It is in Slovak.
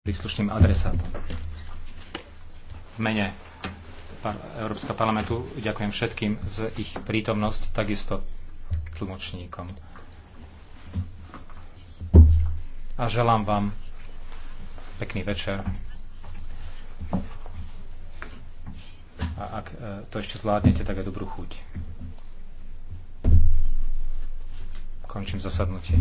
príslušným adresátom. V mene Európskeho parlamentu ďakujem všetkým z ich prítomnosť, takisto tlmočníkom. A želám vám pekný večer. A ak e, to ešte zvládnete, tak aj dobrú chuť. Končím zasadnutie.